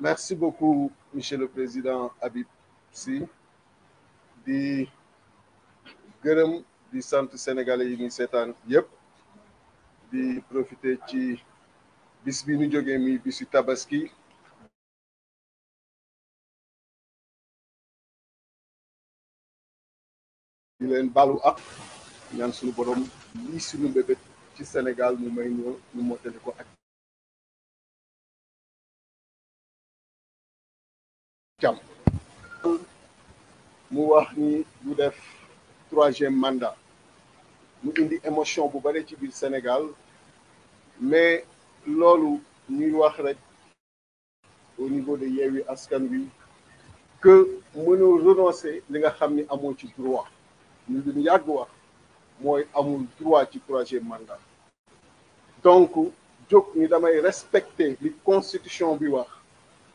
Merci beaucoup, Monsieur le Président Habib si di gërëm di sant sénégalais yi ñu seetaan yëpp di profité ci bis bi ñu jógee mi bisu tabaski di leen balu ak ñaan suñu borom lii suñu bébét ci Sénégal mu may ñoo ñu mottali ko ak Thiam mu wax ni du def 3e mandat mu indi émotion bu bare ci biir Sénégal mais loolu ni wax rek au niveau de yewi Askan Wi que mënoo renoncer li nga xam ni amoo ci droit ñu duñ yàgg wax mooy amul droit ci e mandat donc jóg ni damay respecter li constitution bi wax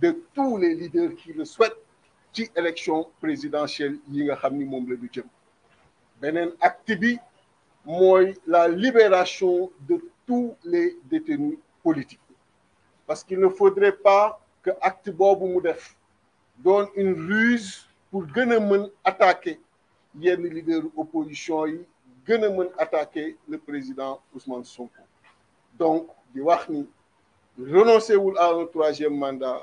de tous les leaders qui le souhaitent qui élection présidentielle yi nga xamni ni la du jëm Benen acte bi la libération de tous les détenus politiques parce qu'il ne faudrait pas que acte bobu mu def une ruse pour attaquer yenn leaders opposition yi attaquer le président Ousmane Sonko donc di wax ni renoncer wul à un troisième mandat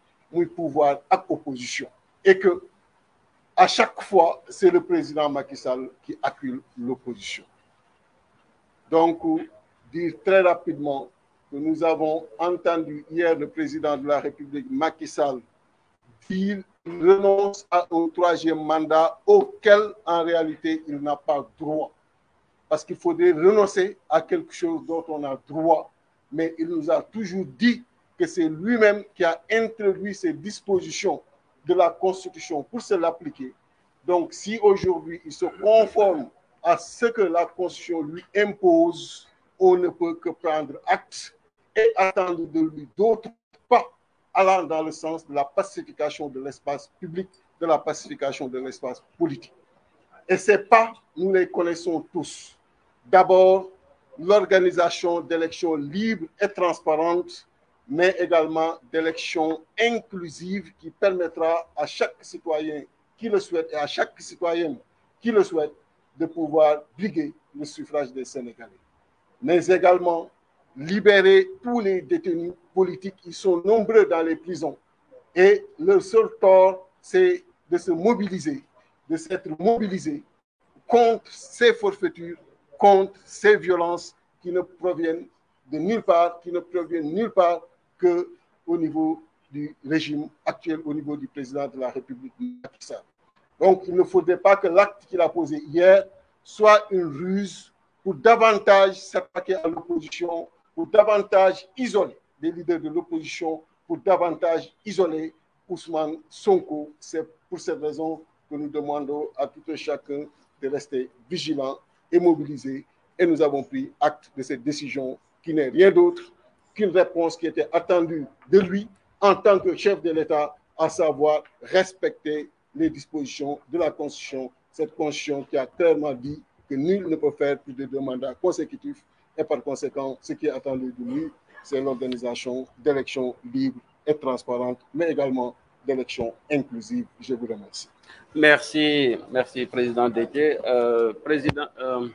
le pouvoir à opposition et que à chaque fois c'est le président Macky Sall qui accule l'opposition donc euh, dire très rapidement que nous avons entendu hier le président de la République Macky Sall dire qu'il renonce à un troisième mandat auquel en réalité il n'a pas droit parce qu'il faudrait renoncer à quelque chose dont on a droit mais il nous a toujours dit que c'est lui-même qui a introduit ces dispositions de la Constitution pour se l'appliquer. Donc, si aujourd'hui il se conforme à ce que la Constitution lui impose, on ne peut que prendre acte et attendre de lui d'autres pas allant dans le sens de la pacification de l'espace public, de la pacification de l'espace politique. Et ces pas, nous les connaissons tous. D'abord, l'organisation d'élections libres et transparentes mais également d'élections inclusives qui permettra à chaque citoyen qui le souhaite et à chaque citoyenne qui le souhaite de pouvoir briguer le suffrage des Sénégalais. Mais également libérer tous les détenus politiques. Ils sont nombreux dans les prisons et leur seul tort, c'est de se mobiliser, de s'être mobilisés contre ces forfaitures, contre ces violences qui ne proviennent de nulle part, qui ne provient nulle part que au niveau du régime actuel, au niveau du président de la République, Donc, il ne faudrait pas que l'acte qu'il a posé hier soit une ruse pour davantage s'attaquer à l'opposition, pour davantage isoler les leaders de l'opposition, pour davantage isoler Ousmane Sonko. C'est pour cette raison que nous demandons à tout un chacun de rester vigilant et mobilisé et nous avons pris acte de cette décision qui n'est rien d'autre qu'une réponse qui était attendue de lui en tant que chef de l'État, à savoir respecter les dispositions de la Constitution, cette Constitution qui a clairement dit que nul ne peut faire plus de deux mandats consécutifs et par conséquent, ce qui est attendu de lui, c'est l'organisation d'élections libres et transparentes, mais également d'élections inclusives. Je vous remercie. Merci, merci, Président Dété. Euh, président. Euh,